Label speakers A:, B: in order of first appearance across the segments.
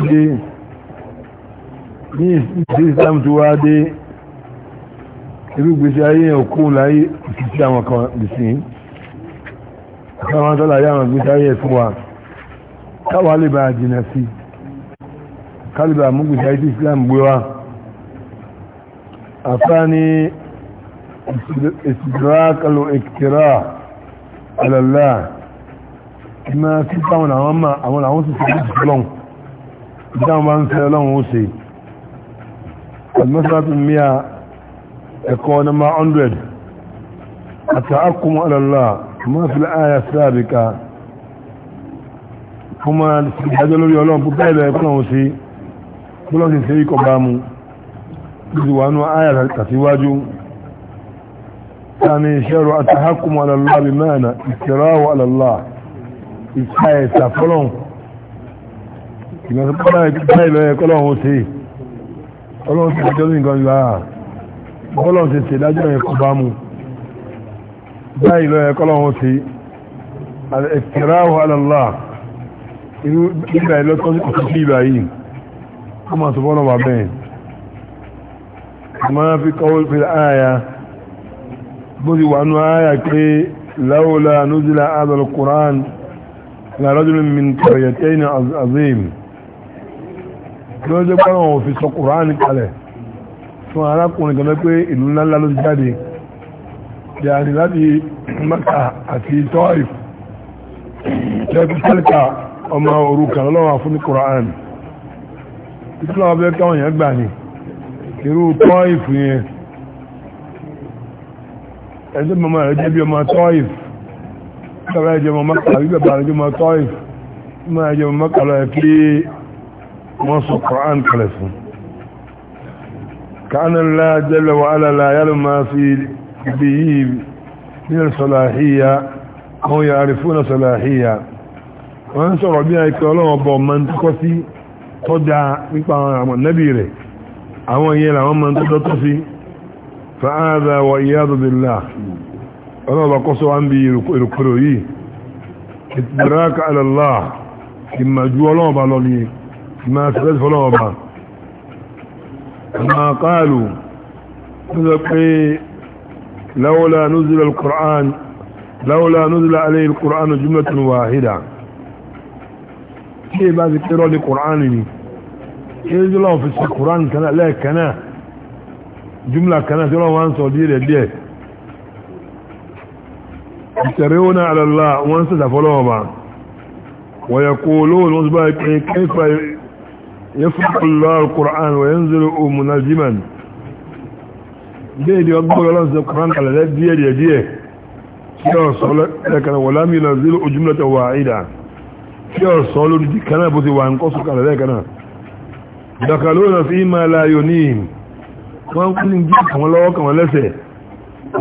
A: tó dé ní islam tó wá dé irú gbèsè ayé òkú láyé ìsìsí àwọn kan gbèsè àwọn tọ́lá yá àwọn gbèsè ayé fún wa káwà lè bá jìnà sí kálíbà mú gbèsè ayé islam gbé wa àfáà ní ìsìdrak al-iktira ala Allah ìmọ̀ sí káwọn àwọn àwọn sì sí ìsìlọ́hùn ìdáwọn bá ń fẹ́ ọlọ́run ó ṣe almasrat miya ẹ̀kọ́ nọmba 100 àtàkùn alọ́lá ma fi láàyà sáàbìkà fún ma ìdájọ́ lórí ọlọ́run púpẹ́ ilẹ̀ ẹ̀kọ́ náà sí bọ́lọ́ sí sí ikọ̀ bá mu bí wà nú àyà tàtíwájú tani ṣẹ́rọ àtàkùn alọ́lá bí mẹ́rin ìṣẹ́rọ alọ́lá ìṣẹ́ ìṣàfọ́lọ́run ìgbàsọ́ pọ́nà ìlọ ẹ̀kọ́ lọ́wọ́ ṣe ọlọ́run ti ṣèjọ́ nìkan yọ àà bọ́lọ́run ti ṣe dájọ́ ẹ̀kọ́ bá mu báyìí lọ ẹ̀kọ́ lọ́wọ́ ṣe ẹ̀kẹ́ráwọ̀ alàlá irú ìgbà ìlọ́tọ́ sí kòtò sí ìgbà yìí ó máa sọ bọ́lọ̀ wà bẹ́ẹ̀ máa fi kọ́wọ́ fi àyà bó ti wà nú àyà pé láwọ́lá nuzila adal Qur'an la rajulun min qaryatayn azim kí ló jẹ́ pé àwọn òfin sọ kùránì kalẹ̀ fún arákùnrin kan pé ìlú ńláńlá ló jáde yàrí láti mẹ́ta àti tọ́ìf jẹ́ pé tẹ́lẹ̀kà ọmọ òrukàn lọ́wọ́ fún ní kùránì títí lọ́wọ́ bẹ́ẹ̀ káwọn èèyàn gbà ní irú tọ́ìf yẹn ẹjọ́ mọ́mọ́ rẹ̀ jẹ́ bí ọmọ tọ́ìf tọ́ìf wọ́n sọ Quran kalẹ̀ fún kánàlá jẹ́lẹ̀ wà alàlá yàrù máa fi ibi yìí nílẹ̀ sọ̀láhíyà wọ́n yà rí fún sọ̀láhíyà wọ́n sọ̀rọ̀ bí i pé ọlọ́wọ́ bọ̀ ma ń tọ́kọ́ sí tọ́já nípa àwọn nẹ́bí rẹ̀ àwọn yẹn làwọn ma ń tọ́jọ́ alàlá ìmàjú ọlọ́wọ́ bá ما سبب فلوبا ما قالوا لولا نزل القرآن لولا نزل عليه القرآن جملة واحدة كيف هذا كيرو لقرآن كيف لو في القرآن كان لا كان جملة كان لو وانسوا دير دير يترون على الله وانسوا فلوبا ويقولون كيف يفرق الله القرآن وينزل منجما ديدي أقول الله سيد القرآن على ذات دي دي دي لكن ولم ينزل جملة واحدة كيو صولو دي كان بوتي وانقصك على ذلك أنا دخلون فيما لا ينيم وان كل نجيب كما لو كما لسه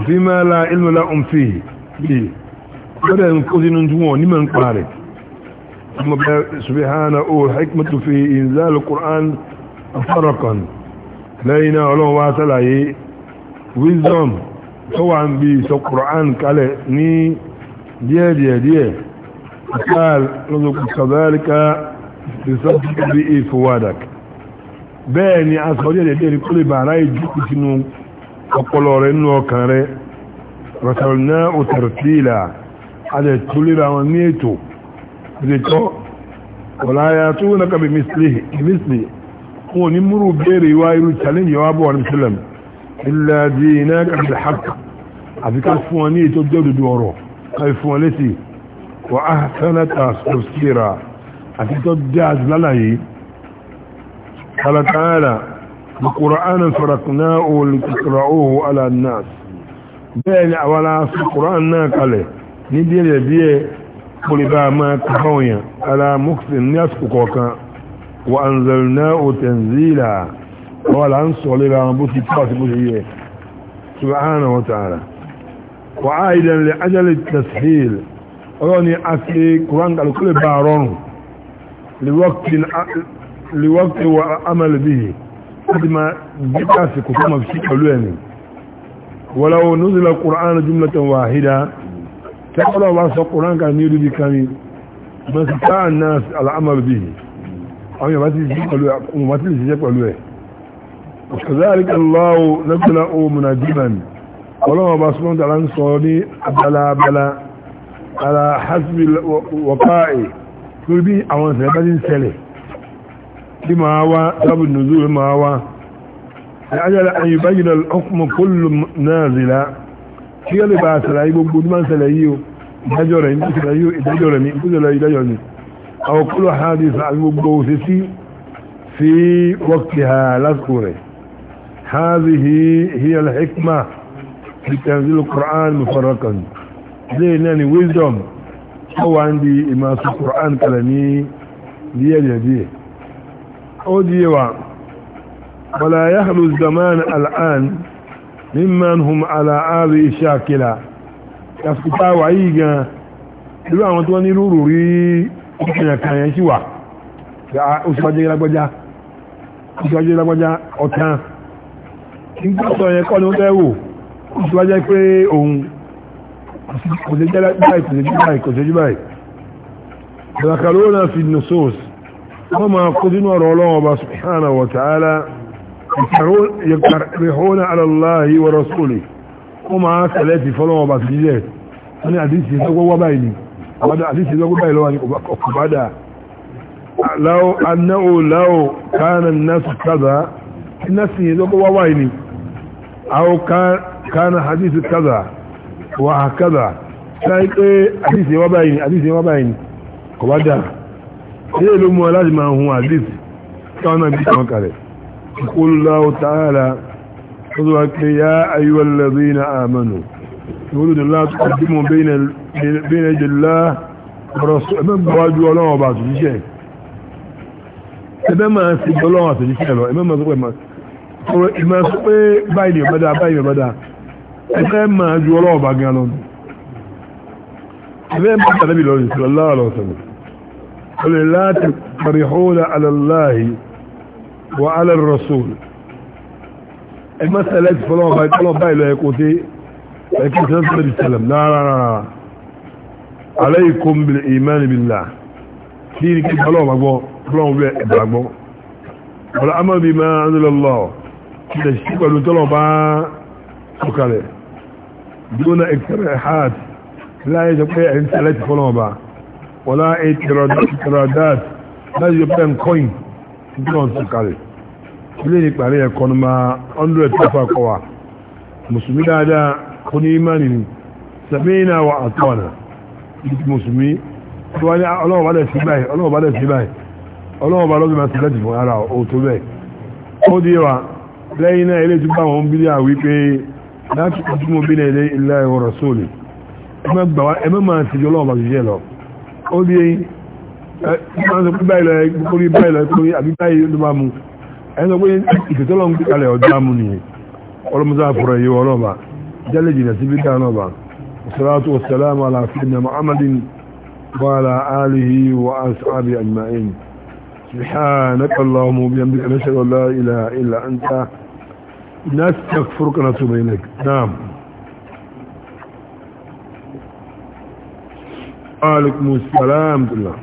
A: فيما لا علم لهم فيه بي بدأ ينقذ ننجمون لمن قارك ثم سبحانه حكمة في إنزال القرآن فرقا لينا علوم واسلعي wisdom tó wà ń bí sọ Qur'an kalẹ̀ ní díẹ̀díẹ̀díẹ̀ akal lọ́dọ̀kù kàbáríkà ìsọ́dọ̀kù bí i fòwádàk bẹ́ẹ̀ ni a sọ díẹ̀díẹ̀ ní kúlè bàrá ìjúkù sínú ọpọlọ rẹ̀ nínú ọkàn rẹ̀ rasalna utartila adẹ̀ tulira wọn ní ètò ṣe tọ́ ọ̀láyà tó wọ́n náà bí mísìlì wọn ni múrù bèèrè wá irú challenge wá bọ̀ ní sílẹ̀m ilẹ̀ àti iná kàbí hàk àfi ká fún wọn ní ètò jẹ́dùdù ọ̀rọ̀ káfí fún wọn létí wọ́n á sẹ́nẹ́tà sọ̀síra àti tó jẹ́ àzìlálàyé kàlàkàlà القرآن فرقناه لتقرأوه على الناس بين أولا في القرآن ناقله ندير يديه قلبا ما كفويا على مكسن يسكوكا وأنزلناه تنزيلا والعنص لبا بوتي باس بوتي سبحانه وتعالى وعائدا لأجل التسهيل روني أسي قرآن قال كل بارون لوقت لوقت وعمل به قد ما جبتاسي كتما في شيء ولو نزل القرآن جملة واحدة tẹ́kọ́lọ́ wa sọ kùránkà ní orí kan ní mẹ́sìtáà náà al'amar bí àwọn yàmá ti ṣiṣẹ́ pẹ̀lú ẹ̀ kazalik allahu nabila o munajiman ọlọ́wọ́ bá súnmọ́ tàà ń sọ ní abalabala ala kí ó lè bá àṣàlàyé gbogbo ní máa ń ṣẹlẹ̀ yìí o ìdájọ́ rẹ̀ ní ìṣẹ̀lẹ̀ yìí ìdájọ́ rẹ̀ ní ìpínlẹ̀ ìdájọ́ ni àwọn kúlọ̀ hadith àti gbogbo òṣè sí fi wọ́kì ha lásìkò rẹ̀ hadhihi hiya al-hikma fi tanzil al-Qur'an mufarraqan ilé wisdom ó wà ń di ìmọ̀sí Qur'an kalẹ̀ ní díẹ̀díẹ̀ ó di wa wala yahlu zaman mimman hum ala ari shakila kàfíkà wà yìí gan irú àwọn tó ní rúrù rí ìkànnìyàn sí wà oṣùwájẹ́ lágbọ́já ọ̀tán nígbàtọ̀ yẹn kọ́ ni ó tẹ́wò oṣùwájẹ́ pé òun kò sí jẹ́ báyìí kò sí jù báyìí يقترحون على الله ورسوله وما ثلاثة فلو ما تجيه أنا أديسي يزوج وبايني هذا أديسي يزوج بيني لو لو أنه لو كان الناس كذا الناس يزوج وبايني أو كان كان حديث كذا وهكذا شايف حديث وبيني حديث وبيني كبدا إيه لو مولاد ما هو أديسي كان أديسي كلام يقول الله تعالى خذوك يا أيها الذين آمنوا يقولون الله تقدموا بين ال... بين يد الله ورسول من بواجه الله وبعض الشيء ẹgbẹ́ máa ti gbọ́lọ́ àtẹ̀jíṣẹ́ lọ ẹgbẹ́ máa sọpẹ́ máa sọpẹ́ báyìí ọ̀bẹ́dá báyìí ọ̀bẹ́dá ẹgbẹ́ máa ju ọlọ́wọ́ bá gan lọ́nà ẹgbẹ́ máa tàbí lọ́rìn sí ọlọ́wọ́ lọ́sọ̀rọ̀ وعلى الرسول المسألة فلو بايد الله باي لا يكوتي لكن سنة النبي السلام لا لا لا عليكم بالإيمان بالله ديني كيف فلو بقبو فلو بقبو ولا أما بما أنزل الله كده الشيء قالوا تلو با سكالي دون اقتراحات لا يجب عن ثلاثة فلو با ولا اعتراضات لا يجب عن كوين تلو سكالي ilé ní parí ẹ̀kọ́ ní ma 100 tẹ́fà kọwà musulmi dáadáa kò ní imani ni sàmìnà wa àtọ́nà musulmi tó wá ní ọlọ́wọ́ bá dẹ̀ sí báyìí ọlọ́wọ́ bá dẹ̀ sí báyìí ọlọ́wọ́ bá lọ́gbẹ̀ẹ́ sí lẹ́tì fún ara ò tó bẹ́ẹ̀ ó di wa lẹ́yìn náà ilé tó bá wọn bí díà wípé láti kọjú mọ́ bí náà ilé ilé ẹ̀wọ̀ rọ̀sọ́ọ̀lì ẹ má máa ti jọ ọlọ́wọ́ bá ti jẹ́ lọ ó di ẹ ẹ máa ń sọ pé báyìí lọ ẹ kórí báyìí lọ ẹ kórí àbí báyìí ló ẹ̀sọ́ pé ìkẹtọ́lọ́ ń kíkalẹ̀ ọjọ́ amú nìyẹn ọlọ́mọdé àfọ̀rọ̀ yìí ọlọ́ba jálẹ̀ jìnà sí bí dáná ọba salatu wa salamu ala sayyidina muhammadin wa ala alihi wa ashabi ajma'in subhanaka allahumma wa bihamdika nashhadu an la ilaha illa anta nastaghfiruka wa natubu ilayk naam وعليكم السلام ورحمه الله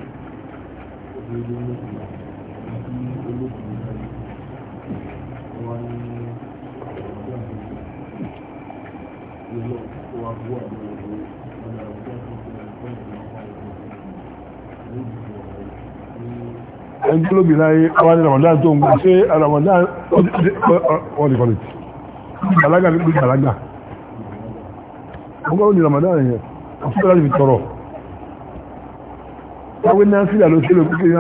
A: ẹgbẹ́lóbi láyé wá ní ramadan tó ń gbà ṣe ramadan ọdíkọlẹ̀ balaga ní gbogbo balaga ọgbọ́n ní ramadan yẹn ọ̀fẹ́ láti fi tọrọ wáwé náà sílẹ̀ ló sílẹ̀ kí ní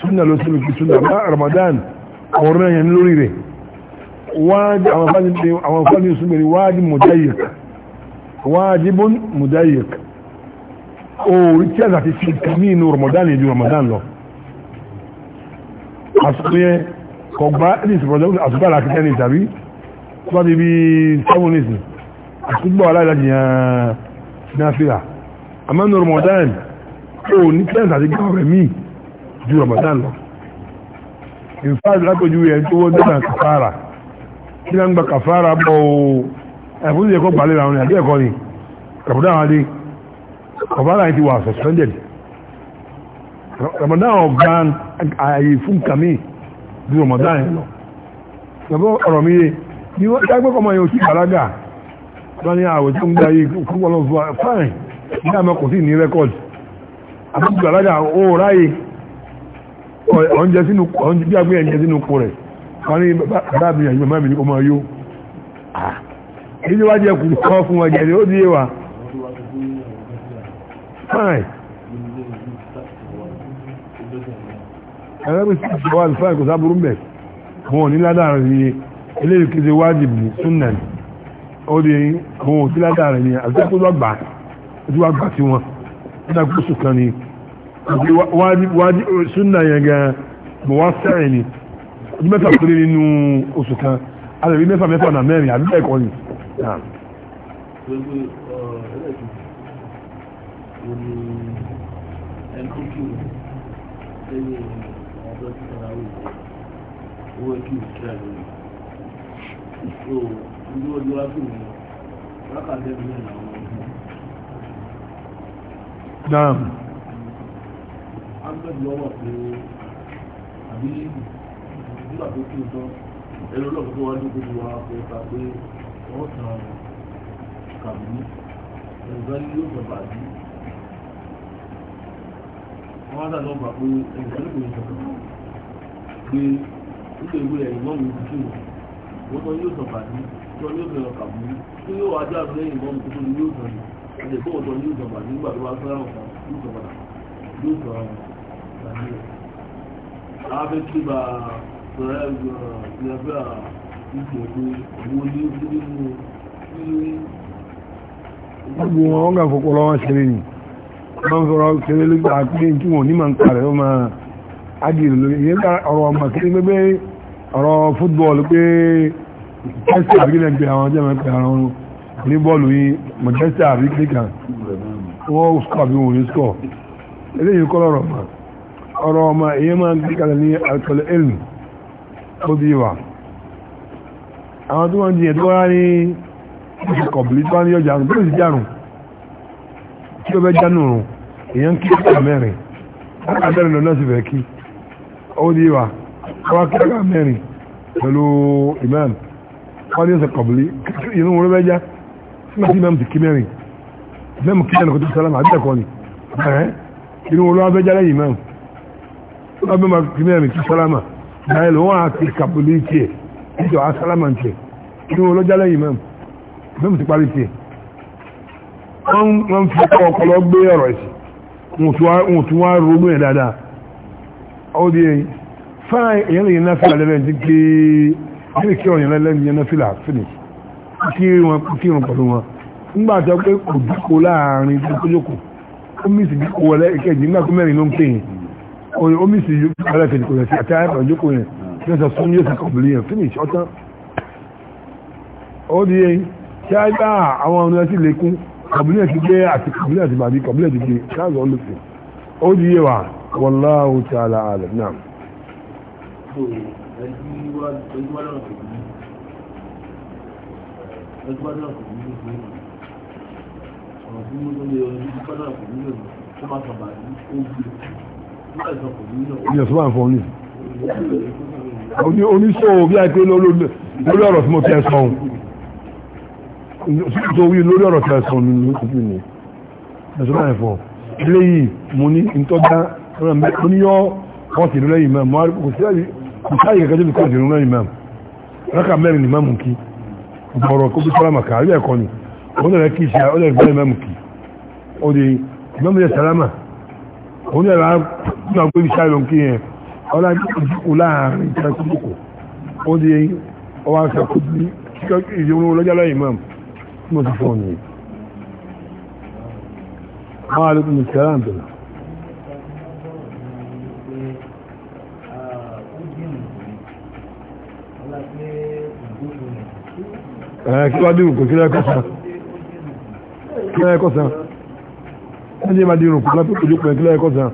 A: súnà ló sílẹ̀ kí súnà bá ramadan ọ̀rọ̀ yẹn lórí rẹ̀ wáàdì àwọn fáni súnmẹ̀rẹ̀ wáàdì mọ̀jáyìí wajibun mudayik orí tí ẹ̀zà ti ṣe kàmí inú ramadan ìjú ramadan lọ asùnmíyẹ kọgbá ẹ̀lìsì pọ̀lọ́gbọ̀n àsùgbà alákẹ́kẹ́ ní ìtàrí tó bá ti bí sẹ́wọ̀nìsì àsùgbà aláìlájìyàn náfíà àmọ́ inú ramadan ó ní tí ẹ̀zà ti gbọ́ rẹ̀ mí ju ramadan lọ in fact lápẹjú ẹ̀ tó wọ́n dáná kàfàrà kí náà ń gba kàfàrà bọ́ ẹ̀fún ní ẹ̀kọ́ gbàlẹ́ àwọn ìrìnàjò ẹ̀kọ́ ni Ramadan adé ọ̀bára ti wà suspended Ramadan ọ̀gán ààyè fún kàmí bí Ramadan yẹn lọ ṣàbọ̀ ọ̀rọ̀ mi yé ni wọ́n dágbé kọmọ yẹn òsì bàlágà wọ́n ní àwẹ̀ tó ń gbé ayé fúnpọ̀ lọ fáìn ní àmọ́ kò sí ní rẹ́kọ̀d àti bàlágà ó ráyè ọ̀njẹ sínú ọ̀njẹ bí agbé ẹ̀jẹ sínú kò rẹ̀ wọ́n ní bàbá mi àyè màmá mi ní kọmọ yóò ah èyí wá jẹ́ kùn kọ́ fún ọjẹ́ ni ó di wa fine ẹ̀rẹ́bí sí ìṣòwò àlùfáà kò sábúrú mẹ́ wọn ò ní ládàrin ní eléyìí kìí wájìbù súnnà ó di wọn ò sí ládàrin ní àtẹ́kùnlọ́gbà ojú wa gbà sí wọn nígbà gbóṣù kan ni súnnà yẹn gan mọ̀ wá sẹ́rìn ni ojú mẹ́fà péré nínú oṣù kan alẹ́bí mẹ́fà mẹ́fà nà mẹ́rin àbí bẹ́ẹ̀ kọ́ ni
B: gbogbo uh, ẹlẹ́kejì wo ni ẹni tó kí o lẹ́yìn ọjọ́ tí ara wò ó owó kí o kí àlọ́ yìí so ìlú ọjọ́ wa kì í lákàtẹ́ mi náà làwọn ọmọ pé àbí nígbà tó kí o tán ẹ̀rọ lọ́kọ̀ọ́ wájú gbogbo wa kò pé ó tàn kàmú ẹ̀rọ yóò jọba àbí wọ́n á dà lọ́gbà pé ẹ̀rọ yóò jọba pé ilé ìwé ẹ̀yìn mọ́mù ìdíjú wọ́n tán yóò jọba àbí tí yóò jọba kàmú tí yóò wájú àbúlé ẹ̀yìn mọ́mù tó tó ní yóò jọba àti ìbọ̀wọ̀ tán yóò jọba nígbà tó wá fẹ́ràn kan yóò jọba yóò jọba àbí rẹ̀. bá rẹ̀ gbìyànjú gbogbo
A: wọn wọ́n gà fọ́pọ̀lọ́ wọn ṣeré ni wọ́n fọ́rọ̀ ṣeré lójú àpílẹ̀ tí wọ́n ní ma ń kàrẹ̀ ọmọ adìrì lórí ìyẹn ọ̀rọ̀ ọmọ kiri pé ọ̀rọ̀ fútbọ́ọ̀lù pé manchester àwọn àwọn tí wọ́n jìyàn tí wọ́n rá ní kọ̀bìlì tí wọ́n ní ọjà àrùn tó sì járùn tí ó fẹ́ jánù rùn èèyàn kí ọkà mẹ́rin ọkà mẹ́rin lọ náà sì fẹ́ kí ó di wa ọwọ́ kí ọkà mẹ́rin pẹ̀lú imam wọ́n ní ọ̀sẹ̀ kọ̀bìlì inú wọn fẹ́ já sígbà tí imam ti kí mẹ́rin imam kí ẹnì kò tó sálámà àbí ẹ̀kọ́ ni inú wọn fẹ́ já lẹ́yìn imam wọ́n bẹ́ẹ̀ máa kí mẹ́rin tó sálámà báyìí lọ́wọ́ àti kọ̀bìlì tiẹ̀ ìjọ asálámàntì inú ọlọ́jálẹ̀ yìí mẹ́m mẹ́m ti parí tiẹ̀ wọ́n fi ọkọ̀ ọkọ̀lọ́ gbé ọ̀rọ̀ ẹ̀sì wọ́n tún wá rúgbó ẹ̀ dáadáa ó di ẹ̀yìn fáà èyàn lè yẹnà fìlà lẹ́lẹ́ ti gbé ẹ̀rì kí ọ̀yàn lẹ́lẹ́ ti yẹnà fìlà fìlì kí wọn kí wọn pẹ̀lú wọn nígbà tó pé kò dípò láàrin tó kójókò ó mìsì dípò ẹlẹ́kẹ̀ẹ́jì nígbà tó mẹ́rin ló ń pè yìn ó mìsì dípò ẹlẹ́kẹ̀ẹ́jì kò rẹ̀ sí àti àyàfà ìjókòó yẹn yóò sọ sún yóò sọ kọ̀bìlìyàn finish ọ̀tán ó di yẹn kí á gbá àwọn ọmọ ẹsẹ̀ lékún kọ̀bìlìyàn ti gbé àti kọ̀bìlìyàn ti bàbí kọ̀bìlìyàn ti gbé káàzọ̀ olùfẹ́ ó di yẹn wà wallahu ta'ala a'lam náà.
B: Yes, one for me
A: oníṣòwò bí i pé lórí ọ̀rọ̀ tí mo fẹ́ sọ ohun tó wí lórí ọ̀rọ̀ tí mo sọ ohun ní ojú ni ẹ̀sùn náà ẹ̀fọ́ eléyìí mo ní ìtọ́já mo ní yọ ọ̀sì ìlú lẹ́yìn mẹ́m kò sáyè kẹkẹ́ tóbi kọ́ọ̀sì ìlú lẹ́yìn mẹ́m rákà mẹ́rin ni mẹ́mù kí ọ̀rọ̀ kó bí sálámà ká ayé ẹ̀kọ́ ni ó lẹ̀rẹ̀ kí iṣẹ́ ó lẹ̀rẹ̀ mẹ́mù kí ó di mẹ́mù yẹ sálámà ó lẹ̀rẹ̀ ọlá ìjìkù láàrin ìjọba ìjìkù ó di ọwá ń sọkú bí ìjọba olójá lọ́yìn mọ́ tí mo ti fọ́ ní àwọn alùpùpù ní sẹ́rà ń bẹ̀rẹ̀ ẹ̀rẹ́ kí wá dìrùn kò kí lẹ́ẹ̀kọ́ sàn kí lẹ́ẹ̀kọ́ sàn ẹ̀jẹ̀ bá dìrùn kò kí lẹ́ẹ̀kọ́ sàn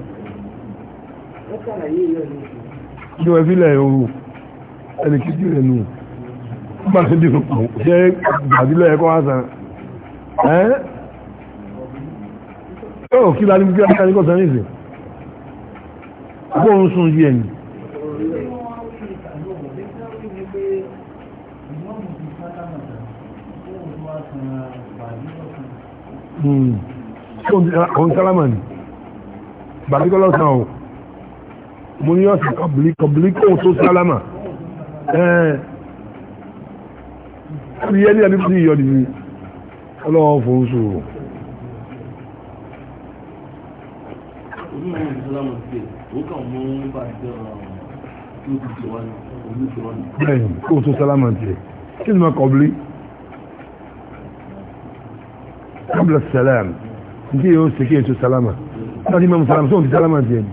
A: ní wọ́n fílẹ̀ ooru ẹni kìtì rẹ̀ nù gbàgbé dìrò kù ṣe gbàdílẹ̀ ẹ̀kọ́ àṣà ẹ́ yóò kí lálẹ́ kí lálẹ́ kọ́ sẹ́yìn sí bóun sùn yí ẹ̀yìn Hmm. Ṣé òun mo ní ọ̀sẹ̀ kọ̀bìlì kọ̀bìlì kóhùn tó sálámà ẹ̀ẹ́ ẹ̀rí ẹni ẹni tí ìyọ́ nìyí ọlọ́wọ́ fún sòrò. bẹ́ẹ̀ni kóhùn tó sálámà tiẹ̀ kí ni mo kọ̀bìlì kọ́bìlì sàlám ní kí yóò ṣe kí èso sálámà láti mọ̀ sálámà sóhùn ti sálámà tiẹ̀ ni.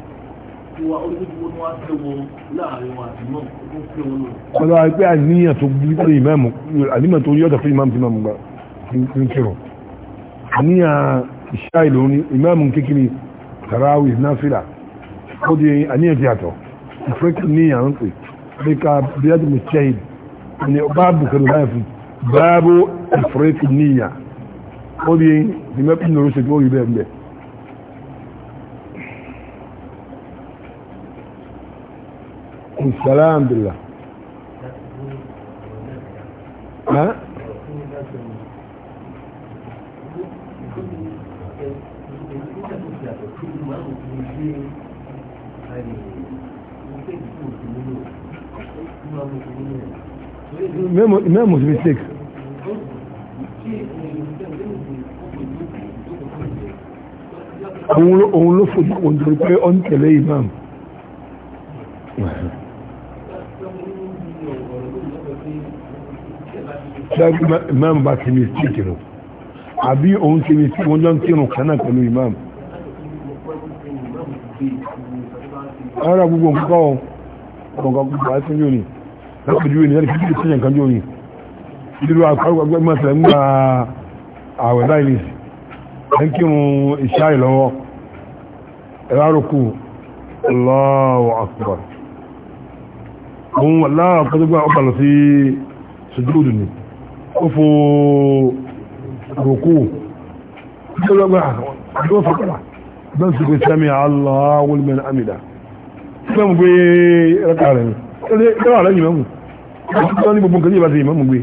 A: pẹ̀lú àìpé àníyàn tó bí pẹ̀lú ìmẹ́mù àníyàn tó yọ́ta fún ìmẹ́mù tí mẹ́mù gbà ń kírọ̀ àníyàn ìṣá ìlú ní ìmẹ́mù kékeré tàràwì náfílà ó di àníyàn ti àtọ̀ ìfẹ́kì ní à ń pè bí ká bí á ti mú ṣẹ́yìn ní báàbù kẹrù láì fún báàbù ìfẹ́kì níyà ó di ìmẹ́kù ní السلام بالله
B: ها ما مش
A: òun ló fojú òun torí pé ọ́n tẹ̀lé ìmáàmù
B: ṣáájú imam bá ti mi sí
A: kìrò àbí òun ti mi sí wọn jọ ń kírun kanáà imam
B: ara gbogbo nǹkan
A: ọ̀rọ̀gbọ̀n gbogbo àti yóò ní lápẹjú ní ẹni kìí sí ẹ̀kan yóò ní ìdúró àkọ́gbẹ́ mọ́sẹ̀ ń gba àwẹ̀ láìní ẹ̀ ń kírun ìṣá ìlọ́wọ́ ẹ̀rọ àrùkù Allahu akbar òun wà láàrín ọ̀pọ̀ tó gbà ọ̀pàlọ̀ sí sojúdù ni òfò àròkú ìjọba àdúgbò fàkàlà bẹ́ẹ̀ sì pé sẹ́mi aláwọ̀ lẹ́mẹ̀ amìdá sílẹ̀ mú gbé ẹ̀ka rẹ̀ mi ẹ̀rọ àrẹ yìí mẹ́mù ẹ̀rọ ní gbogbo nǹkan yìí bá ti yìí mẹ́mù gbé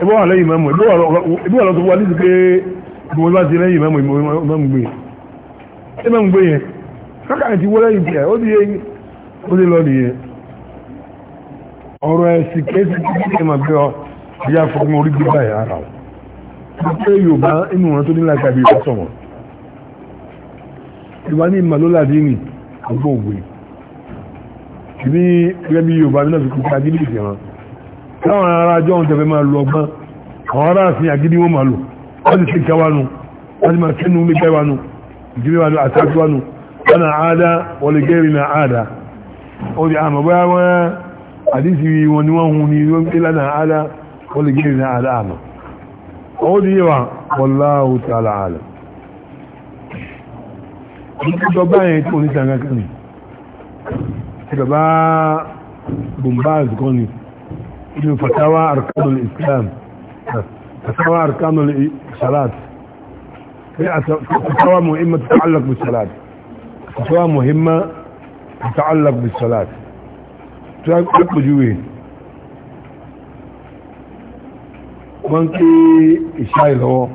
A: ẹ̀rọ àrẹ yìí mẹ́mù ẹ̀bí wà lọ́tọ̀ wà ní ti pé gbogbo bá ti lẹ́yìn mẹ́mù mẹ́mù gbé ẹ̀mẹ́mù gbé yẹn kákàtí wọ́lẹ́yìn tiẹ̀ ó ti yẹ ó ti lọ nìyẹn ọ̀rọ̀ ẹ̀sìn kéèsì kéèké ma bí ọ ìyá fún orí gbígbà yà ara ọ̀ pé yorùbá inú wọn tó nílá tàbí ìfẹ́ sọ̀mọ̀ yorùbá ní ìmọ̀ ló láti rìn àgbò ògbè ní gẹ́gẹ́ bí yorùbá nínú ìfikún sí agídí ìfẹ́ wọn láwọn ará ajọ́ ohun tẹ̀fẹ́ máa lo ọgbọ́n àwọn ará àfihàn agídí wọn máa lò wọ́n ti ṣe káwánu wọ́n ti máa kẹ́nu omi káwánu ìdílé wa àtàkùwánu wọn na àádá wọlé gẹ́rin na àádá ó di àmọ̀ bóyá wọ́n àdísì wọn ni wọ́n hun ni wọ́n pé lánàá àdá wọ́n lè gẹ́rẹ̀ náà àdá àmà ó di yíwa wallahu ta'ala alam ìjọ báyẹ̀ tí wọ́n ní sàngá kan ní bombaz kan inú fatawa arkanul islam fatawa arkanul salat fatawa muhimma tata'allaq bis salat fatawa muhimma tata'allaq bis salat tó pẹ̀júwé wọ́n kí ìṣá ìlọ́wọ́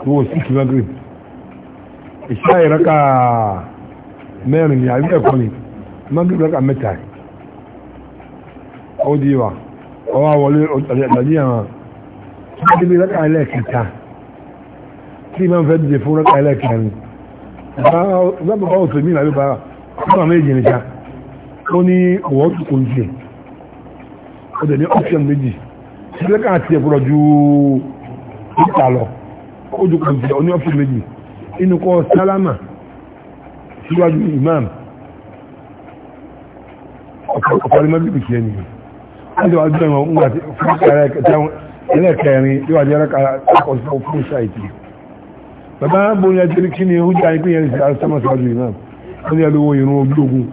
A: kúrò sí kilogram ìṣá ìrọ́kà mẹ́rin ni àríkẹ́ ẹ̀kọ́ ni magrib rọ́kà mẹ́ta ó di wà ọwá wọlé ọ̀tàlẹ́gbàjí àwọn tí rọ́kà ẹlẹ́ẹ̀kẹta tí ma ń fẹ́ dìde fún rọ́kà ẹlẹ́ẹ̀kẹta ni bá bá òtò mí làbí bá ọmọ ó ní ọ̀wọ́ kò ní tiẹ̀ ó dẹ̀ ní option méjì ṣílẹ̀ káà tiẹ̀ gbọ́dọ̀ ju níta lọ ó ju kò ní tiẹ̀ ó ní option méjì inú kọ́ sálámà síwájú imam ọ̀pọ̀lọpọ̀ mẹ́bìbì kìí ẹni ọjọ́ wájú ẹ̀wọ̀n ńgbà tí fún ẹlẹ́kẹrin yóò wájú ẹlẹ́kọ̀ọ́sọ́ fún ṣáìtì bàbá bóyá jẹ́rí kí ni ó jẹ́ àìpín yẹn sí àṣẹ́mọ̀síwájú imam ó ní ẹlówó ìrún ojú ogun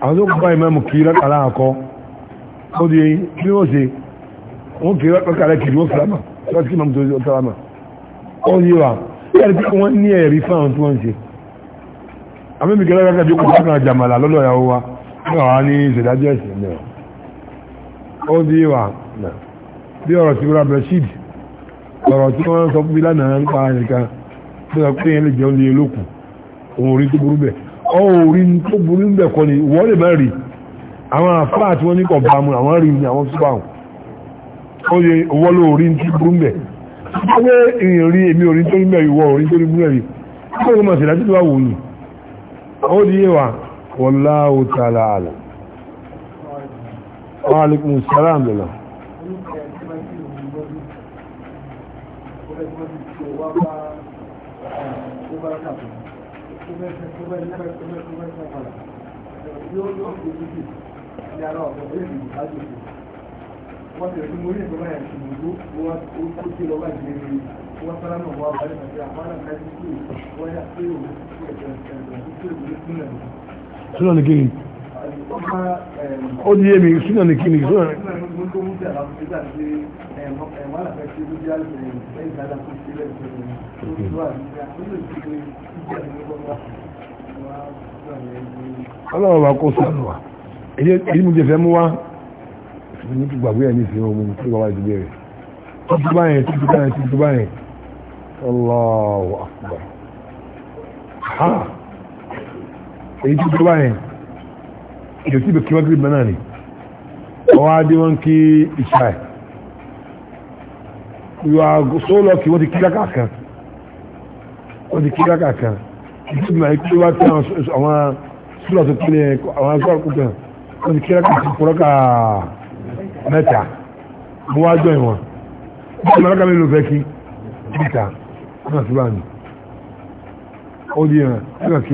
A: àwọn tó bá ìmọ̀mù kí lọ́kàlá àkọ́ ó di bí wọ́n ṣe wọ́n kí lọ́kàlá kìí wọ́n fìlámà lọ́tí ìmọ̀mù tó ṣe fìlámà ó ní wa bí ẹ̀rí pé wọ́n ní ẹ̀rí fún àwọn tí wọ́n ṣe àmì kí lọ́kàlá kìí wọ́n fìlámà jàmàlà lọ́dọ̀ ìyàwó wa nígbà wa ní ìṣèdájọ́ ẹ̀sìn mẹ́rin ó di wa ọ̀rin tó burú ń bẹ̀kọ́ ni wọ́n lè mẹ́rin àwọn àfáà tí wọ́n ní kọ̀bàmù àwọn rí ní àwọn sípàhùn oye owó lóorin tí burú ń bẹ̀ ọgbẹ́ ìrìn èmi orin tó rí mẹ́rin orin tó rí mẹ́rin ó lè mọ̀ sí láti wòyìn ó di yé wa wallahu àlà wa salam
B: wọ́n ti rẹ̀ mú ní ó di èmi súnà ní kíni súnà ní.
A: ọlọ́run bá kó sọ́nù wa èyí mú jẹfẹ́ mú wá ní ti gbàgbé ẹ̀ ní ìsìn ohun tó wà láti bẹ̀rẹ̀ títí báyẹn títí báyẹn títí báyẹn Allahu akbar èyí títí báyẹn yóò tí bẹ̀ kí magrib náà ni ọwá dé wọ́n kí ìṣáì yóò àgọ́ sólọ́ kí wọ́n ti kí lákà kan wọ́n ti kí lákà kan ìṣẹ́ ìgbìmọ̀ àìkú wá tí àwọn sólọ́ tó kílẹ̀ àwọn akọ́rọ̀ kúkẹ́ wọ́n ti kí lákà kan kúrọ́kà mẹ́ta mo wá jọ ìwọ̀n wọ́n mọ̀ lákà mélòó fẹ́ kí mẹ́ta wọ́n ti kí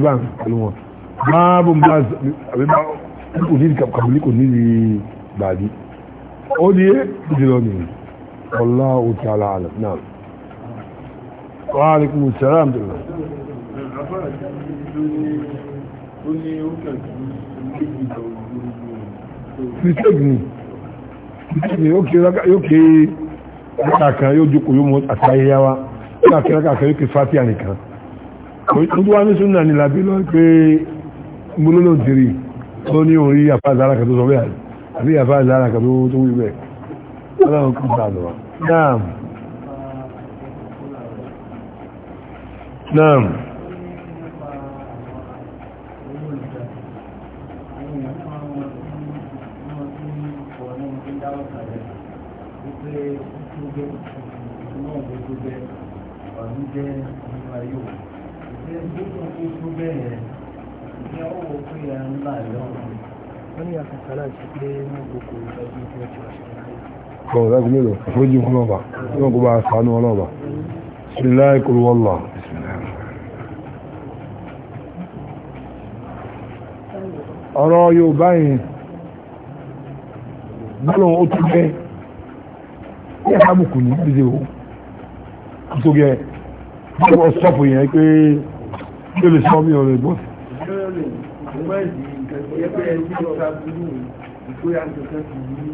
A: bá mi pẹ̀lú wọn báàbù mbà àbí báàbù kò ní kàbùlí kò ní bàbí ó ní ìdílọ ní ọlá òtí ara rẹ̀ náà wà á rí kún ìṣẹ́rà àmìlẹ̀ fìtẹ́gì ni yóò ké rákàkà yóò jókòó yóò mọ́ àtàyẹyàwá rákàkà yóò ké fàtíà nìkan nítorí wá ní súnà ní làbí lọ pé múlòlò ń tèrè tó ní orí àfáàzára kan tó sọ bẹ́ẹ̀ àbí àfáàzára kan tó wí bẹ́ẹ̀ ọlọ́run kí sàánù wa náà náà ọ̀rọ̀ láti mélòó àforíjì fún ọba yóò kó bá a sànú ọlọ́ọ̀bà bisimilayi kúrú wọ́lọ̀ ọ̀rọ̀ Yorùbá yìí gbọ́dọ̀ ó tún jẹ́ ní àbùkù ní ìdíje o tó gẹ bí sọ́pù yẹn pé kí lè sọ mí ọ̀rọ̀ ìbọn.
B: ìgbésí ìgbésí ẹgbẹ́ ẹni tó ta burú ìgbóyà tó fẹ́ fi yí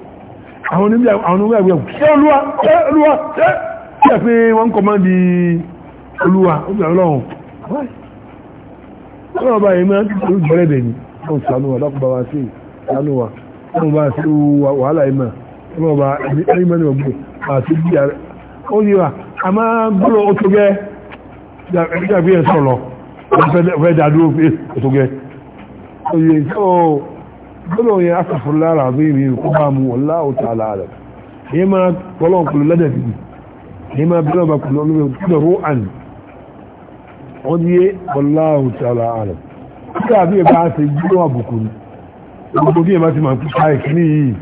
A: àwọn onímọ̀ ẹ̀wẹ̀ ṣe olúwa ṣe olúwa ṣe ṣe pé wọ́n kọ́ máa di olúwa ó bẹ̀rẹ̀ lọ́wọ́ ọlọ́wọ́ báyìí máa ń tó jẹ́rẹ̀ sí sànú wa bá sí wàhálà ìmọ̀ ọlọ́wọ́ i ó ní wa gbọ́dọ̀ yẹn asàfúnlá àbí mi kó bá mu ọ̀la òtà àlàálẹ̀ yẹn máa tọ́lọ̀ pẹ̀lú lẹ́dẹ̀bì yẹn máa bẹ̀rẹ̀ bá pẹ̀lú ọlọ́run kílọ̀ ró àn wọ́n ní ọ̀la òtà àlàálẹ̀ kíkà bí ẹ bá ṣe gbọ́dọ̀ àbùkù ni gbogbo bí ẹ bá ti máa kú ká ìkíní yìí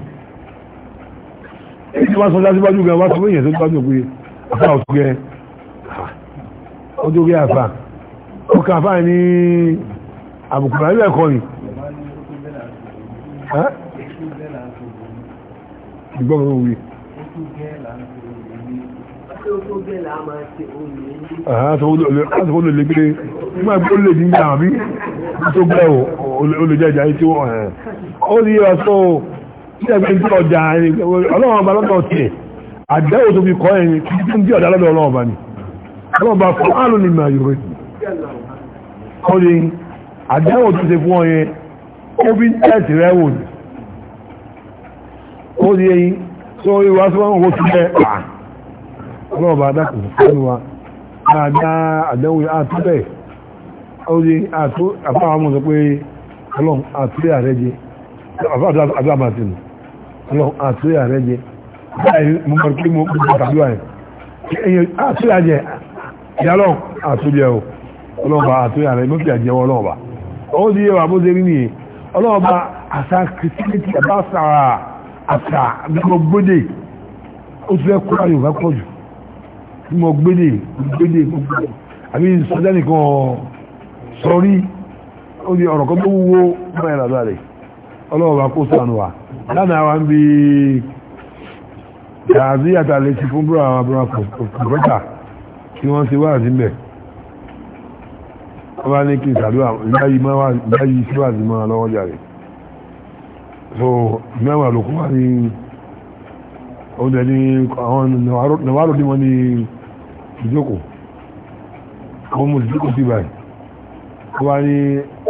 A: èyí
B: ìgbọ́mọ̀
A: òwe àtàwọn olè gbé nígbà bí ó lè ní ìgbà àbí tó gbẹ́ olùjẹ́jà tí wọ́n ẹ̀ ó ní ìwà sọ tí ẹgbẹ́ tí ọjà ọlọ́wọ́n ọba lọ́dọ̀ tí ẹ̀ àdẹ́wò tó fi kọ́ ẹni tí ń bí ọ̀dá lọ́dọ̀ ọlọ́wọ́n ọba ni ọlọ́wọ́n obi ẹ̀tì rẹ̀ wò ní ó di ẹyin tó ìwà tó wọ́n wó ti bẹ́ à ọlọ́ọ̀bá adákùn fẹ́nu wa dáadáa àdẹ́wò àtúbẹ̀ ó di àpáwọn ọmọ pé ọlọ́run àtúbẹ̀ ààrẹ jẹ àbábàtìnù ọlọ́run àtúbẹ̀ ààrẹ jẹ báyìí mo mọ̀ pé mo gbogbo àjẹ àjẹwọ́ ó di ẹwà bó ṣe rí ọlọ́ọ̀bá àṣà kìrìsìtì ẹ̀bá sàrà àṣà gbogbogbòdè ó tún fẹ́ kó ayò bá pọ̀ jù gbogbo àbí sọjá nìkan sọrí ó di ọ̀rọ̀ kan tó wúwo báyìí làbá rẹ̀ ọlọ́ọ̀bá kó sànù wa lánàá bi fún àwọn tí wọ́n ti wá wá ní kí ìsàdúrà ìbáyí síwájú máa lọ́wọ́ jàre so mẹ́wàá ló kún wá ní oúnjẹ ní àwọn nàwárò ní wọ́n ní ìjókò àwọn mú ìjókò sí báyìí wọ́n wá ní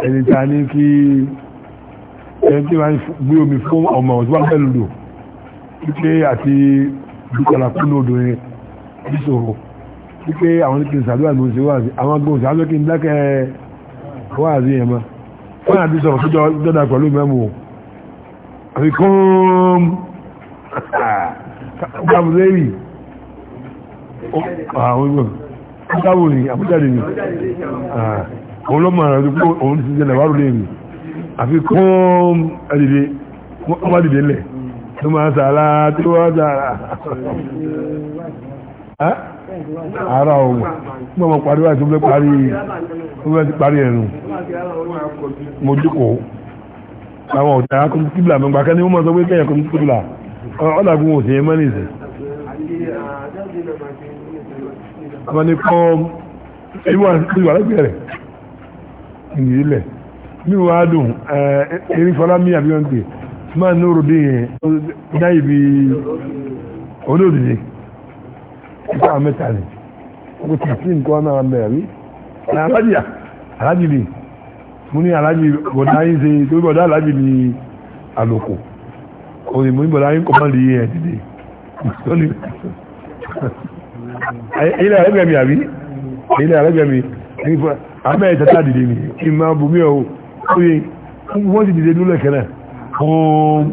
A: ẹni ta ní kí ẹni tí wọ́n gbé omi fún ọmọ ọ̀tí wọ́n fẹ́ lòdò kíkẹ́ àti dúkọ̀lá kúlò odò yẹn bí sòrò wípé àwọn kí n sàdúrà ló ń ṣe wáàzí àwọn agbóhùn sàdúrà kí n dákẹ́ wáàzí yẹn mọ́ wọ́n àti sọ̀rọ̀ tó dọ́dà pẹ̀lú mẹ́mù àfikún gbàmùlẹ́rì àwọn ìgbọ̀n gbàmù ní àbújáde ní àwọn ọmọ rẹ̀ tó kó òun ti jẹ́ lẹ̀wárò lẹ́rì àfikún ẹ̀dìdì wọ́n bá dìde lẹ̀ tó máa sàárá tó wá sàárá ara ohun mo mọ̀ parí wáyé tó fẹ́ parí tó fẹ́ ti parí ẹ̀nu mo jókòó àwọn ọ̀tá kọ́mí kíbla mẹ́gbà kẹ́ni wọ́n mọ̀ sọ pé kẹ́yà kọ́mí kíbla ọ̀làgùn òsè ẹ̀mọ́ ní ìsẹ̀ àwọn ni kọ́ ẹ̀yìn wà lẹ́gbẹ̀ẹ́ rẹ̀ ìdílé lẹ̀ mi wà á dùn erin fọlá mi àbí wọn pè máa ní oròdé yẹn náà ibi olóòdìdì ìfẹ́ àwọn mẹ́ta ni ó ti sí nǹkan náà mẹ́rin rí ní alájì alájì ni mo ní alájì bọ̀dá yín ṣe torí bọ̀dá alájì ni àlòkù òní mo ní bọ̀dá yín kọ́ máa lè yẹ ẹ̀ dìde ilẹ̀ arẹ́gbẹ̀mí àbí ilẹ̀ arẹ́gbẹ̀mí abẹ́ ìtàtà dìde ni kí n máa bùmí ọ̀ oye wọ́n ti dìde lólẹ̀ kẹ́lẹ̀ fún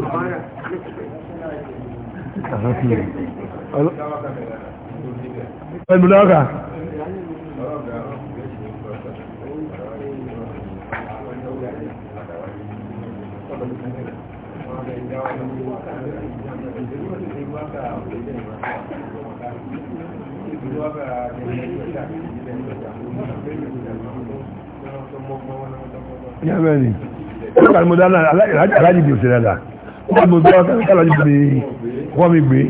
A: pẹ̀lú lọ́gà yàmẹ́ni ọkàlùmọ́dá alájìdì òṣèlú ẹ̀dà wọ́n mú bí ọkàlùmọ́dá alájìdì wọ́n mi gbé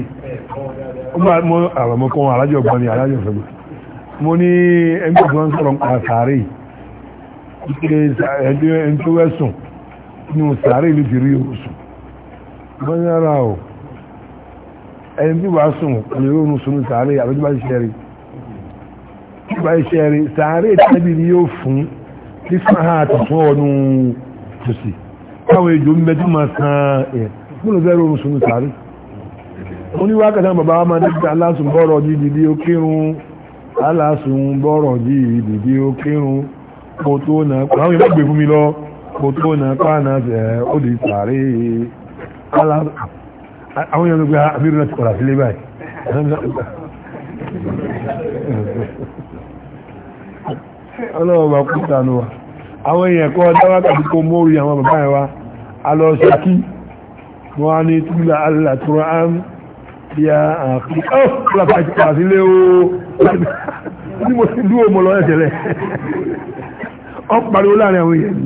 A: mọ àrọ̀mọ́kọ́ wọn alájọ gbọ́n ni alájọ fẹ́ mo ní ẹgbẹ́ tó ń sọ̀rọ̀ nípa sàárè ìpele ẹgbẹ́ ẹni tó wẹ́sùn ní sàárè ló ti rí oṣù wọ́n yára o ẹni tí wàá sùn lè rí oṣù ní sàárè àbẹ́jú bá ṣe rí tí bá ṣe rí sàárè tẹ́bi ni yóò fún ní sáà tuntun ọdún tòsí káwọn èjò ń bẹ tí máa san ẹ̀ wọ́n ní wákàtí bàbá wa máa dẹ́kítà aláṣùn bọ́rọ̀ jí dìde ó kírun aláṣùn bọ́rọ̀ jí dìde ó kírun kò tó náà àwọn ìbá fún mi lọ kò tó náà pààna tẹ̀ ó di sàárè àwọn èèyàn gbé abirú náà ti sílé báyìí ọlọ́wọ́ bá kú sànú wa àwọn èèyàn kọ́ dáwàkàtí kó mórí àwọn bàbá yẹn wa alọ́ ṣakí wọ́n á ní túnlá alàtúrọ̀ áàmù ya àfi ọ́ kílàfà ti pa sílé o ní mo ti dúró mo lọ ẹ̀tẹ̀lẹ̀ ọ́ pariwo láàrin àwọn èèyàn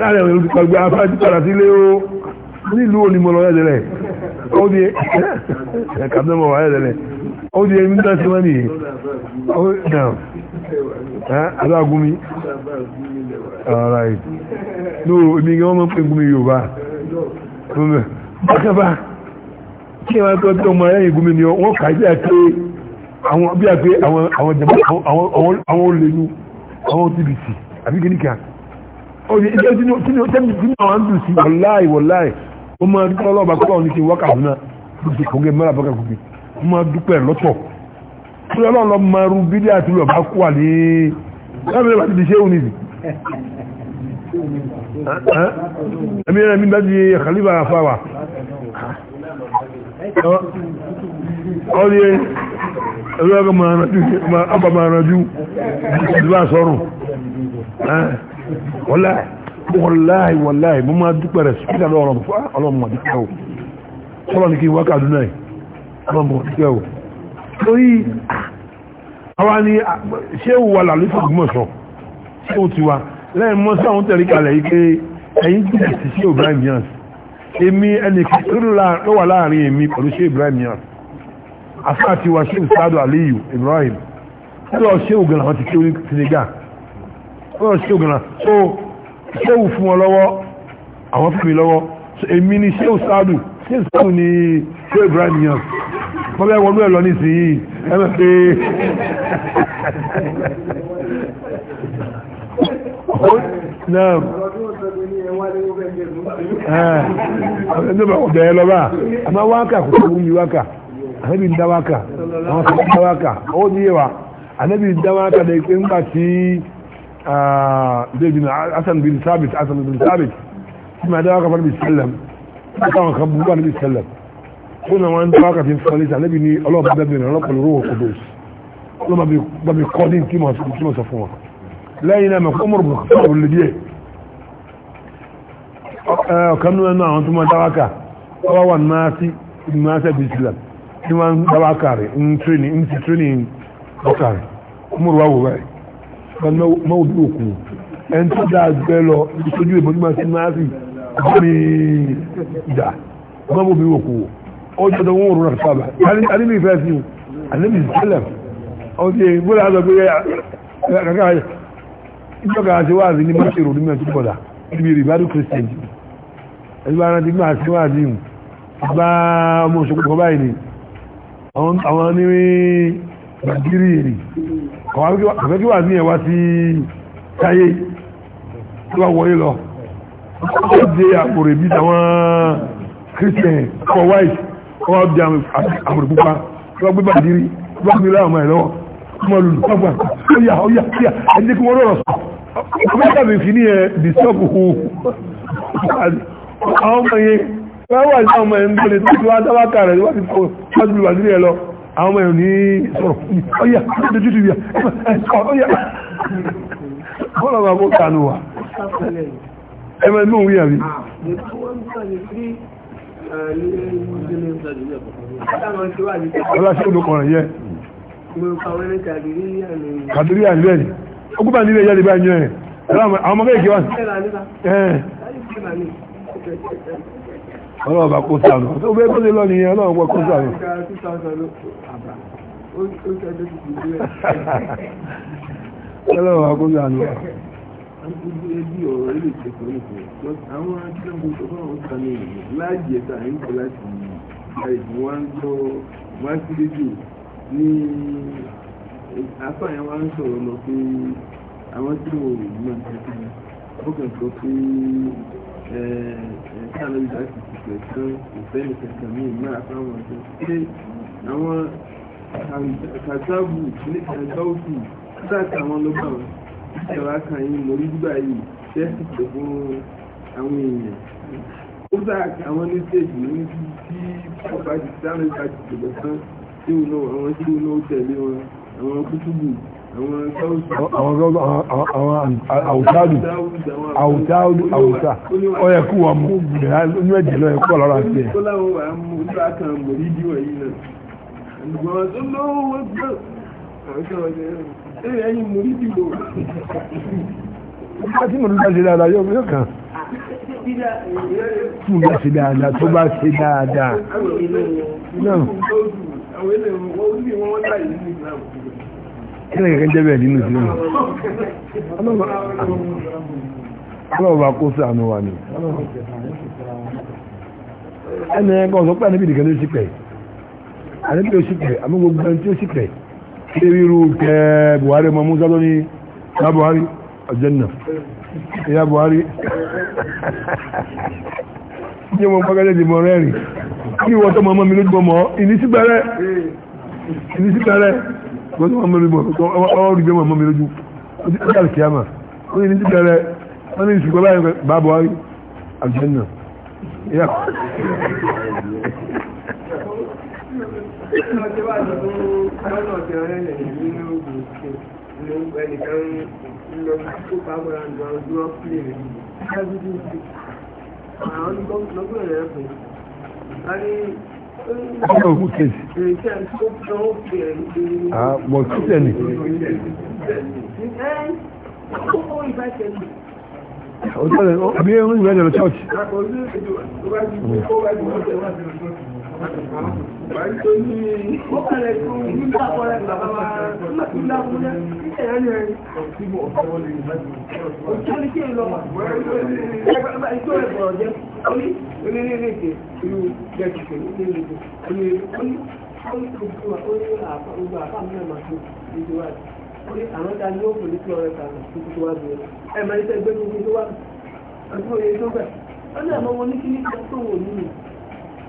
A: láàrin àwọn èèyàn gbogbo afá ti padà sílé o nílùú òní mo lọ ẹ̀tẹ̀lẹ̀ ó di ẹ̀kàtọ́ mọ̀ wà ẹ̀tẹ̀lẹ̀ ó di ẹ̀mí tó ṣe wọ́n nìyí ó dàn alágúnmi all right no èmi gan wọ́n mọ̀ pé gúnmi yorùbá bákan bá kí wọ́n tó tó mọ ẹ̀yìn gómi ni wọ́n kà bí àpé àwọn bí àpé àwọn jẹ̀mọ́ àwọn olèlú àwọn tbc àbí kìníkà oye ilé tí ní tẹ́bí tí ní àwọn ń dùn sí wọláì wọláì ó máa dúpẹ́ ọlọ́ọ̀bà kọ́ ọ̀hún ní kí wọ́n kàdúnà ló ti kọ́gẹ́ mẹ́ra bọ́kà gbogbo ó máa dúpẹ́ lọ́tọ̀ tí ọlọ́ọ̀lọ́ máa rú bídí àti lọ́ọ̀bà kú wà ní lábẹ́rẹ́ bá ti di ṣéhùn nìyí ẹ̀mí ẹ̀mí bá ti khalifa àfáwà ọdí ẹgbẹ́gbẹ́ ọba máa rànjú ìdílá sọ́rùn wọ́láì wọ́láì wọ́láì mọ́ máa dúpẹ̀ rẹ̀ sípítà lọ́rọ̀ ọlọ́mọ o sọ́rọ̀ ní kí n wákà dúnà ọlọ́mọ àdúgbò torí ah, àwa ni ah, ṣé ò wà lálẹ́fà gbọ́mọ̀sọ ṣé ò ti wa lẹ́yìn mọ́ sí àwọn tẹ̀rí kalẹ̀ yìí pé ẹ̀yìn jìnà sí sí Ibrahim yans èmi ẹnìkan ló wà láàrin èmi pẹ̀lú ṣe Ibrahim yàn afá àti wa ṣe ìsáàdù Aliyu Ibrahim ẹlọ ṣe ògùn àwọn ti kí orí Senegal ẹlọ ṣe ògùn so ṣe òwú fún wọn lọ́wọ́ àwọn fún mi lọ́wọ́ èmi ni ṣe ìsáàdù ṣe ìsáàdù ni ṣe Ibrahim yàn wọ́n bẹ́ẹ̀ wọnú ẹ̀ lọ nísìnyí ẹ mọ̀ pé
B: ó náà ah, ẹni bá ọ̀dọ̀ ẹ lọ́ba àmọ́ wákà kò tó wúmi wákà ànábì ń dá wákà àwọn kan ń dá
A: wákà ó ní yẹ wa ànábì ń dá wákà lè pé ńgbà tí david hasan bin sabit hasan bin sabit tí màá dá wákà fún mi sẹlẹm káwọn kan bú wà níbi sẹlẹm tó náà wọn ń dá wákà fi ń fọlẹ́sì ànábì ní ọlọ́ọ̀bá bẹ́ẹ̀ bẹ́ẹ̀ ọlọ́pàá lórí òkú bẹ́ẹ̀ ọlọ́ọ̀bá bẹ́ẹ̀ kọ́ ní kí mo sọ fún wọn lẹ́yìn náà mẹ́kọ́ mọ̀rọ̀ bùkọ́ lè díẹ̀ ọ̀kanú ẹnu àwọn tó máa dáwákà ọwọ́ wà náà sí ìmọ̀ọ́sẹ̀ bí islam tí wọ́n dáwákà rẹ̀ ń tírénì ń ti tírénì ọkà rẹ̀ mọ̀rọ̀ wáwọ̀ rẹ̀ mọ́wọ́ bí òkú ẹn tó dáa gbẹ́ lọ ìṣojú ìbọn tó máa mọ́wọ́ bí òkú ìjọba àti wáàzí ní máṣe ìrònú mẹ́tò bọ̀dà níbi ìrìbádù christian ẹgbẹ́ ara ti máa ṣe wáàzí hù ìgbà ọmọ òṣogbo báyìí ni àwọn ní nàìjírí èrè kọ̀wé kí wáàzí yẹn wá sí káyé tó wá wọlé lọ ó dé àpòrè bí àwọn christian kọ white ó wá dé àpòrè pupa ọmọ olùkọ́gbà ọyà ọyà ọyà ẹni kí wọ́n rọrọ̀ sọ ọmọ ìgbàmì fi ní ẹ dìsọ́pù ọmọ yẹn wọ́n wà ní ọmọ yẹn gbọ́lẹ̀ tó wá dáwákà rẹ̀ wọ́n ti kọ́ ọdún wà sílẹ̀ lọ àwọn ọmọ yẹn ní
B: sọ̀rọ̀ kàdírí àlẹ́
A: ni ogún bá nílé yẹ́lẹ́ bá yẹ́ ẹ̀ àwọn ọmọ kéèké wá
B: ọlọ́run bá kó sànù tó bẹ́ẹ̀ kó lè lọ nìyẹn ọlọ́run bá kó sànù
A: ọlọ́run bá kó sànù
B: gbogbo ẹbí ọ̀rọ̀ ilé ìtẹ̀kọ́ nìkan àwọn akẹ́kọ̀ọ́ tó bá wọn sànù láàjì ẹ̀ta àyíkọ́ láti láì wọ́n ń gbọ́ wọ́n á sí lójú ní apá yẹn wá ń sọ̀rọ̀ lọ pé àwọn tí ó rí ní ọjọ́ ọkàn sọ pé ẹ̀ẹ́dẹ́gbẹ̀rún láti ṣiṣẹ́ tán ìfẹ́ni kankan ní ìmọ̀ àtàwọn ọ̀dọ́ pé àwọn kàtàbù ní kàtàbù láti àwọn lọ́gbà wọn ìṣẹ̀wá kan yìí lórí gbígbà yìí ṣẹ́ sì pẹ̀ fún àwọn èèyàn ó sáà àwọn oníṣègùn ní tí
A: ọba ti sáré ìbájú ìjọba tán ìwúlò àwọn tí ó tẹ̀lé wọn àwọn kútùbù àwọn àwùtáàdù àwùtáàdù àwùtá ọyẹ kú wọn mú ní ẹ̀jẹ̀ lọ ẹ̀kọ́ lọ́rọ̀ àti ẹ̀. Nígbà tí mo ń bá ṣe dáadáa yóò yóò kàn. Tí mo bá ṣe dáadáa tó bá ṣe dáadáa kílẹ̀ kẹ́kẹ́ jẹ́ bẹ́ẹ̀ nínú ìsinmi ọlọ́ọ̀bà kó sí àánú wa ni ẹni ẹgbẹ́ ọ̀sọ́ pé àníbi ìdìkan ló sì pẹ̀ àníbi ó sì pẹ̀ àmọ́ gbogbo ẹni tí ó sì pẹ̀ kí ríru kẹ Buhari ọmọ Musa lónìí ya Buhari aljanna ya Buhari ní ọmọ pàkàtẹ́ ìdìbò rẹ́rìn kí wọ́n tó mọ́mọ́ mi ló gbọ́mọ́ ìnísígbẹ̀rẹ́ ìnísígbẹ̀rẹ́ wọ́n tó mọ́mọ́ mi lójú ọwọ́ rí gbọ́mọ́ mi lójú ọjọ́ àlùkìyàmà wọ́n ìnísígbẹ̀rẹ́ wọ́n ní ìsìnkú báyìí bàbá wáyé àjẹ́nà
B: Àwọn ọdún lọ́gbọ̀n rẹ̀ pẹ̀lú ọ̀rọ̀ òkú kejì. Eh, ah, mọ̀ kíkẹ́ ni. ọ̀bí
A: ẹ̀rọ ìwé ẹ̀jẹ̀ lọ chọ́ọ̀chì.
B: Àwọn ìta ni ó kò ní kí ọ̀rẹ́ ta lọ sí títí wá bí ẹ. Ẹ máa ń tẹ́ gbé ní ibi tó wà. Ọdún òye tó bẹ̀. Ọdún àmọ́ wọn ní kí ní kí ó tó wò nínú.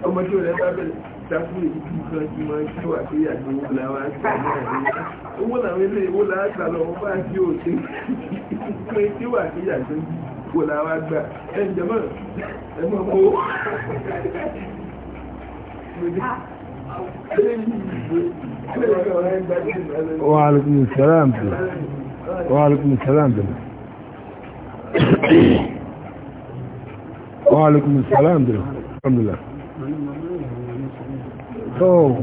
B: ọmọdé rẹ̀ bá bẹ̀rẹ̀ dákúrò ìdí kan tí wọ́n tí wà pé àgbẹ̀wò làwọn àgbẹ̀wò owó làwọn ilé ìwó làásà lọ wọ́n bá tí ó ṣe pé tí wà pé àgbẹ̀wò làwọn àgbà ẹ̀jẹ̀ mọ́ ẹ̀mọ́ mọ́ وعليكم السلام وعليكم
A: السلام وعليكم السلام الحمد لله tó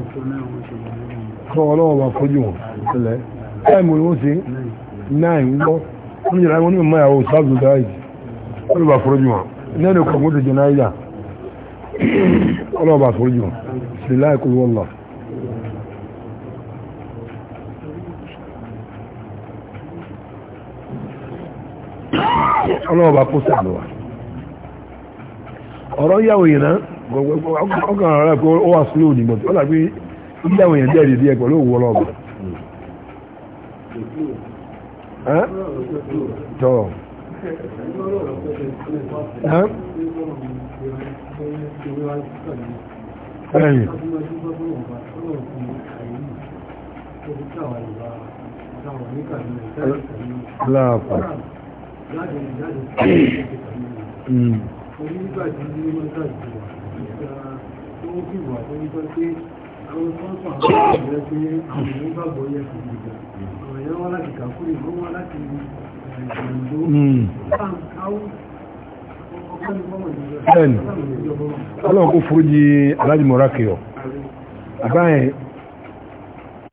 A: kọ́ ọlọ́wọ́ bá fojú wọn sílẹ̀ táìmù ni wọ́n ṣe náà ń gbọ́ wọ́n yẹ̀rọ àwọn onímọ̀ ìyàwó sáàbù dáìjì ọlọ́wọ́ bá fojú wọn náà ní ọkọ̀ mọ́tò jẹ́ náà yà ọlọ́wọ́ bá fojú wọn بالله يقول والله ọlọ́wọ́ bá kó sáà lọ́wọ́ ọ̀rọ̀ yàwó yìí náà ọkàn ara pé ó wà slow ní gbọ́dọ̀ ọ̀là pé yàwó ọrụ dẹ́rì díẹ̀ pẹ̀lú òwú ọlọ́ọ̀bà
B: tọ́ ẹ́ ẹ̀yìn láàpá hmm. Hmm bẹ́ẹ̀ni
A: ọlọ́run kó foríjì aláàjì mọ́rákìọ́ àbáyẹn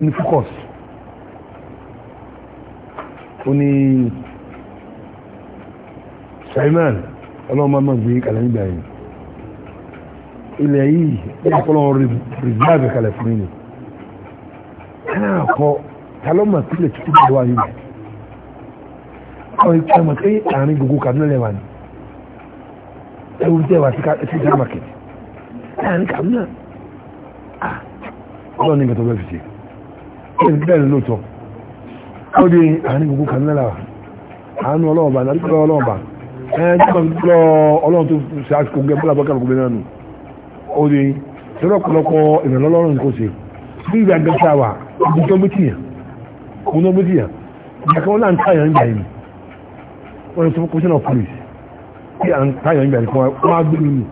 A: ní focus ó ní simon ọlọ́run máa máa gbé kalẹ̀ nígbà yìí ilẹ̀ yìí ní ọpọlọ́run rìgbáàbẹ̀ kalẹ̀ fún yìí náà kọ́ talọ́mà sílẹ̀ títí wáyé àwọn ìpamọ̀ pé àárín gbogbo kàdúnà lẹ́wà ni ẹwù jẹ́ wà sí ká market ẹ̀yà ní kàmínà ọlọ́run ní ìgbàtọ̀ bẹ́ẹ̀ fi ṣe ẹ̀yìn bẹ́ẹ̀ ni lóòótọ́ ó di àárín gbogbo kàmínà làwà àánú ọlọ́ọ̀bà ní àdúgbò ọlọ́ọ̀bà ẹ̀yìn tí wọ́n lọ ọlọ́run tó ṣe àsìkò gẹ́ bọ́lá bọ́kà gbogbo náà nù ó di lọ́rọ̀ pọ̀lọpọ̀ ìrànlọ́lọ́run kò ṣe bí ìgbà gẹ́sà wà ọdún bí tìyàn ọdún bí tìyàn ìgbà kan láǹtà yàn ń jà yìí wọ́n ti fún commissioner of police tí a ń táyọ̀ ìgbà nìkan wọ́n á gbé nínú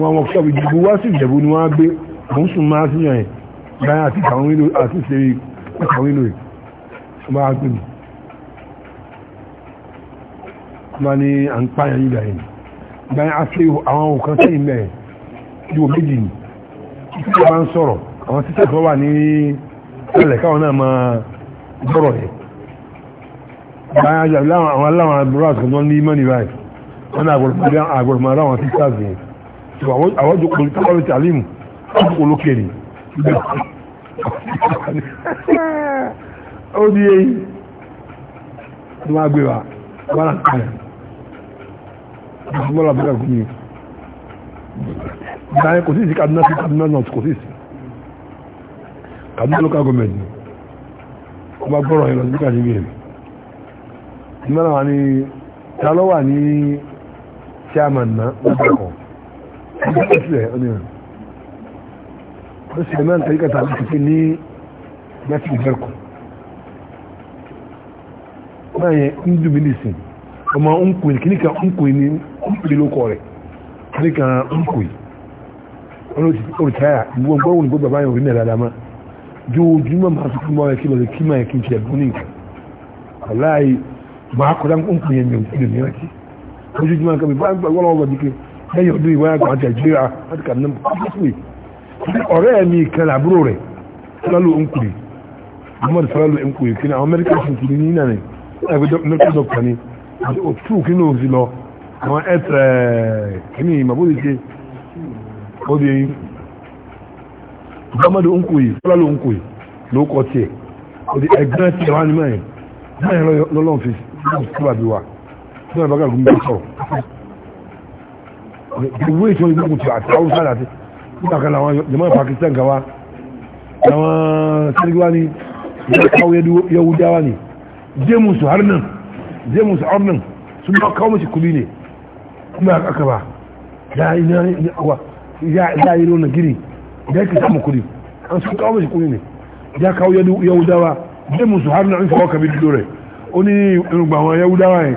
A: wọ́n wọ́n ṣọ́bù ìdìbò wá sí ìjẹ̀bú ni wọ́n á gbé òun sùn máa sí yàn báyà àti ìtàwọn ìlú àti àwọn òkan sẹ́yìn bá ń sọ̀rọ̀ àwọn títẹ̀ tó wà ní ẹlẹ̀ káwọn náà máa gbọ́rọ̀ yẹn báyà àwọn aláwọn àbúrò àtúntò ní mọ́ni báyìí wọn àgbọ̀rọ̀mọ̀lá àwọn sisters yẹn tí àwọn jòkó tábàlù tàlímù jòkó lókèrè ó di èyí ni wọ́n gbé wa wọ́n náà kàn án ìfúnmọ́lá bẹ́ẹ̀ gún mi ìdáyẹ kò sí sí Kaduna sí Kaduna north kò sí sí Kaduna local government ni wọ́n bá gbọ́rọ̀ yẹn lọ sí Kaduna níbi yẹn ní mẹ́rin wa ni ta ló wà ní chairman na lọ́dọ̀ kan ọjọ́ ìṣẹ̀lẹ̀ onírìn ó sì lè máa ń tẹ̀lé kàtà láti fi ní láti ìbẹ̀rẹ̀kù náà yẹn ń dùn mí nìsín ọmọ nkùn ní kíníkà nkùn ní nkùn ní lókọ rẹ̀ kíníkà nkùn wọn ti olùtayà ìwọ̀n gbọ́rọ̀ ní gbogbo àbáyọ̀ orílẹ̀ dáadáa má jóòjúmọ́ máa fi kúmọ́ ẹ̀kí lọ́dẹ̀ kí máa ẹ̀kí ìṣẹ̀lẹ̀ gbóníkà ọ̀láì máa kọjá nkùn yẹn mi ò ojoojúmọ́ nǹkan bí báyìí wọ́n lọ́wọ́ dike lẹ́yìn ọdún ìwọ́n àgbà àti àjíríà láti kà nínú pàṣípè ọ̀rẹ́ mi kan àbúrò rẹ̀ sálálù nkùrì muhammad sálálù nkùrì kí ni àwọn mẹ́ríkà sì ti ní nàní ẹgbẹ́ mẹ́ríkà dọ́kítà ni òtún kí ni òsì lọ àwọn ẹ̀tẹ̀ kìíní màbóyè ṣe ó di muhammad nkùrì sálálù nkùrì ló kọ́ tiẹ̀ ó di ẹgbẹ́ tiẹ̀ wá ní mẹ́rin náà lọ́lọ́ fi sábàbí wa tí wọ́n bá gàgùn bí sọ̀rọ̀ ìwé ìṣòro ìgbógun ti àti haúsá àti nígbà kan làwọn Pakistan gawa làwọn sẹ́ríkíwá ni ìyáwó ni james harnan james harnan sun ba kawo mashi kudi ne kuma aka ba da ya yi nuna gini da ya ke samun kudi an sun kawo mashi kudi ne ya kawo yahudawa james harnan an kawo kabin dore oni irugbawa yahudawa ne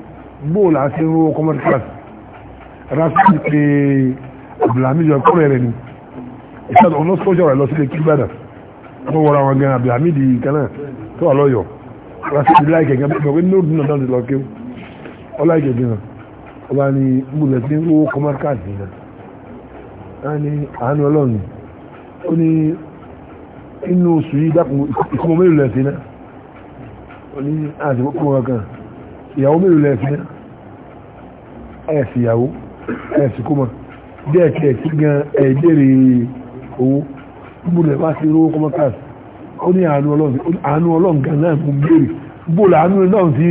A: bóòlù àti irú common class rafi pé abdulhamid ọkùnrin rẹ ni ìṣàdọ̀ ọ̀nà sọ́jọ́ rẹ̀ lọ sílé kíbàdà tó wọ́ra wọn gan abdulhamid kanáà tó wà lọ́yọ̀ rafi ti láìkẹ̀ gan bẹ́ẹ̀ pé nóòdù náà dáńtì lọ kí ó láìkẹ̀ gan ọba ni bóòlù àti irú common class ni náà ní àánú ọlọ́run ó ní inú oṣù yìí dákùn ìkọmọ mélòó lẹ́sìn náà ó ní àti kókó kan ìyàwó mélòó lẹ́ẹ̀fẹ́ ẹ̀ẹ̀sì ìyàwó ẹ̀ẹ̀sì kó mọ̀ díẹ̀ kí ẹ̀ẹ̀sì gan ẹ̀ẹ́dẹ̀rẹ̀ owó gbogbo rẹ̀ bá ti rówó kọ́mọ́ káàsì ó ní àánú ọlọ́run gan náà mú bèèrè gbogbo àánú náà sí